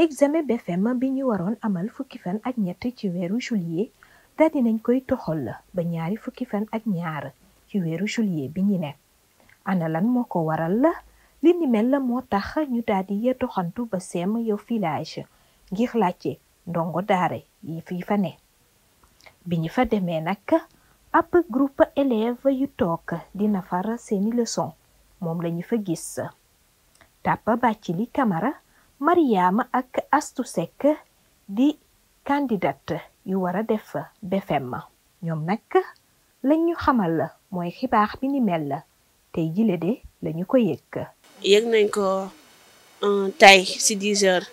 examen BFEM bi ñu waroon amal fukki fan ak ñett ci weeru juillet daal dinañ koy toxal la ba ñaari fukki fan ak ñaar ci weeru juillet bi ñu nekk ana lan moo ko waral la li ni mel la moo tax ñu daal di toxantu ba seem yow village ngir laajte ndongo daara yi fii fa ne bi ñu fa demee nag ab groupe élève yu toog di nafar seeni leçon moom lañu fa gis tàppa bàcci li kamara Mariama ak astu Seck di candidate yu war a def BFM ñoom nag lañ ñu xamal la mooy xibaax bi ni mel la tey jile de lañu ñu ko yëg. yëg nañ ko tay si 10 heures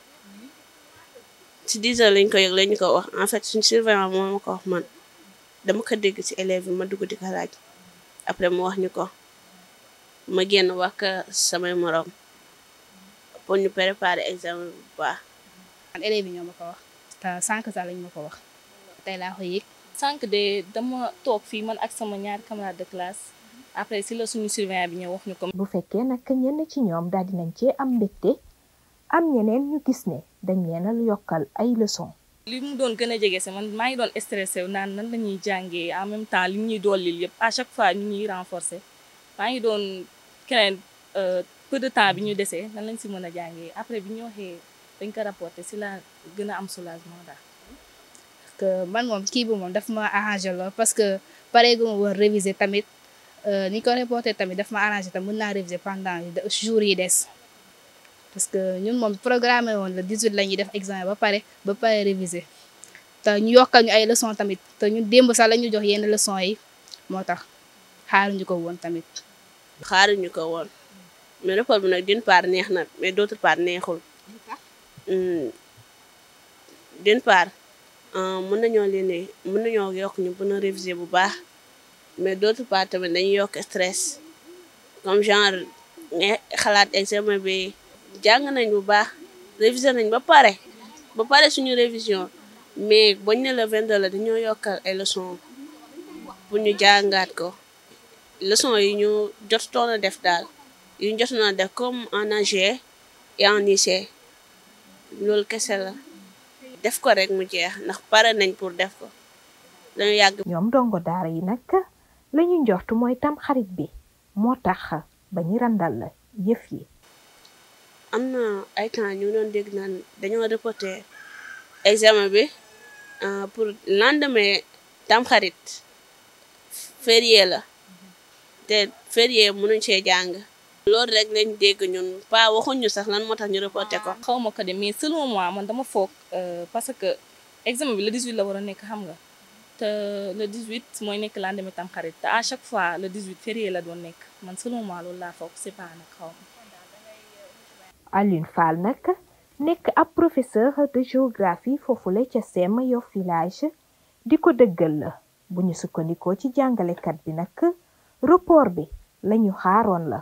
si 10 heures lañ ko yëg lañ ñu ko wax en fait suñ surveillant moo ma ko wax man dama ko dégg si élève bi ma dugg di ko laaj après mu wax ñu ko ma génn wax samay morom. pour ñu préparer examen bu baax. man ma ko wax te sànq sax lañ ma ko wax tey laa ko yëg. sànq de dama toog fii man ak sama ñaar camarade de classe après si la suñu surveillant bi ñëw wax ñu ko. bu fekkee nag ñenn ci ñoom daal di nañ cee am mbégte am ñeneen ñu gis ne dañ leen a yokkal ay leçons. li mu doon gën a jege si man maa ngi doon stressé wu naan nan la ñuy jàngee en même temps li ñuy dollil yëpp à chaque fois ñu ñuy renforcer maa ngi doon keneen peu de temps bi ñu desee nan lañ si mën a jàngee après bi ñu waxee dañ ko rapporté si la gën a am soulagement daal. que man moom kii bi moom daf ma arrangé lool parce que pareegu ma war réviser tamit euh, ni ko reporté tamit daf ma arrangé tamit mën naa réviser pendant jours yi des. parce que ñun moom programme woon la 18 la ñuy def examen ba pare ba pare réviser te ñu yokkal ñu ay leçons tamit te ñun démb sax la ñu jox yenn leçons yi moo tax xaaruñu ko woon tamit. xaaruñu ko woon. mais rapport bi nag d'une part neex na mais d' autre part neexul. Hmm. d' une part euh, mën nañoo leen mën nañoo yokk ñu mën a réviser bu baax mais d' autre part tamit dañuy yokk stress comme genre nga xalaat examen bi jàng nañ bu baax réviser nañ ba pare ba pare suñu révision mais boñ ne la 22 la dañoo yokkal ay leçons pour ñu jàngaat ko leson yi ñu jotoon a def daal. yu ñu jotoon def comme en AG et en IC loolu kese la def ko rek mu jeex ndax pare nañ pour def ko dañu yàgg. ñoom dongo daara yi nag la ñu njortu mooy tam xarit bi moo tax ba ñu randal la yëf yi. am na ay temps ñu doon dégg naan dañoo reporté examen bi euh, pour lendemain tam xarit férié la te férié mënuñ cee jàng. loolu rek lañ dégg ñun pas waxuñu sax lan moo tax ñu reporté ko. Ah, xaw ma ko de mais selon moi man dama foog euh, parce que examen bi le 18 la war a nekk xam nga te le 18 mooy nekk lendemain tam xarit te à chaque fois le 18 férié la doon nekk man selon moi loolu laa foog c'est pas nag xaw ma. Alioune Fall nag nekk ab professeur de géographie foofu la ca CEM Yoff di ko dëggal la bu ñu sukkandikoo ci jàngalekat bi nag report bi la xaaroon la.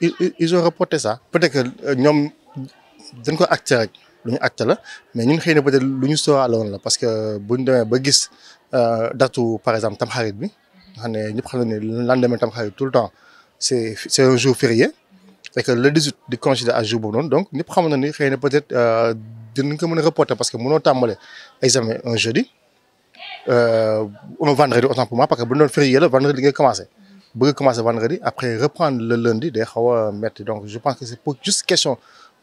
ils ils ont reporté ça. peut-être que euh, ñoom dañ ko acté rek lu ñu acté la mais ñun xëy peut-être lu ñu sóoraale woon parce que bu ñu demee ba gis euh, datu par exemple tamxarit bi nga xam ne ñëpp xam nañu ne lendemain tamxarit tout le temps c'est c'est un jour férié et que le 18 di considéré à jour boobu donc ñëpp xam na ni xëy peut-être euh, dinañ ko mën a reporter parce que mënoo tàmbale examen un jeudi euh, un vendredi autant pour moi parce que bu ñu férié le vendredi ngay commencé bëgg commencer vendredi après reprendre le lundi day xaw donc je pense que c'est pour juste question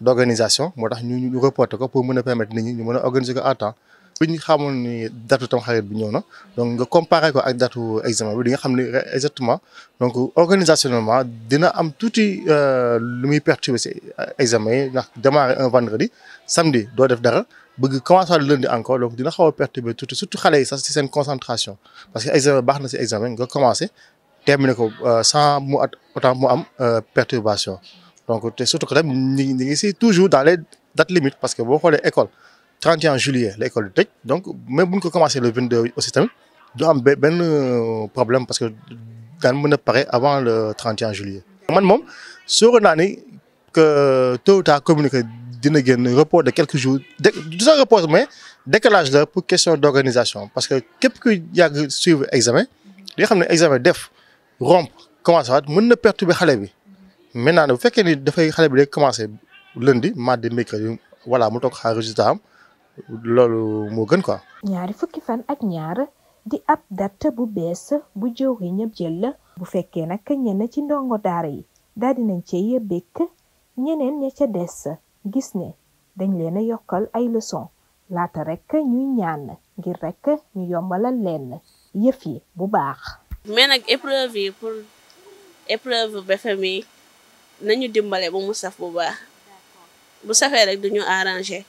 d'organisation moo tax ñu ñu reporter ko pour nous permettre nit ñu organiser ko à temps bi ñu xamoon ni datu Tamxarit bi ñëw na donc nga comparer ko ak datu examen bi nga exactement donc organisationnellement dina am tuuti euh, lu mi perturber cet examen yi démarrer un vendredi samedi doit def dara bëgg commencer le lundi encore donc dina xaw perturber tout, surtout xale yi c'est une concentration parce que examen baax na ci examen nga commencer terminer ko euh, sans autant euh, perturbation donc surtout que nous toujours dans les dates limites parce que vous voyez école 31 juillet l'école de donc même si on ko le 22 aussi système, vous am un euh, problème parce que daan le paré avant le 31 juillet. sur une année naa ni que tôt ou y communiqué dina report de quelques jours de du report mais décalage là pour question d'organisation. parce que képp qui a suivre examen il y a un examen def. rompre commencé waat mën na bi xale bi naa ne bu fekkee ni dafay xale bi day commencé lundi mardi mercredi voilà mu toog xaar résultat am loolu moo gën ko ñaari fukki fan ak ñaar di ab date bu bees bu jëwri ñëpp jël la. bu fekkee nag ñenn ci ndongo daara yi daal nañ cee békk ñeneen ña ca des gis ne dañ leen a yokkal ay leçon laata rek ñuy ñaan ngir rek ñu yombalal leen yëf yi bu baax. mais nag épreuve yi pour épreuve BFEM yi nañu dimbale ba mu saf bu baax bu safee rek duñu arrangé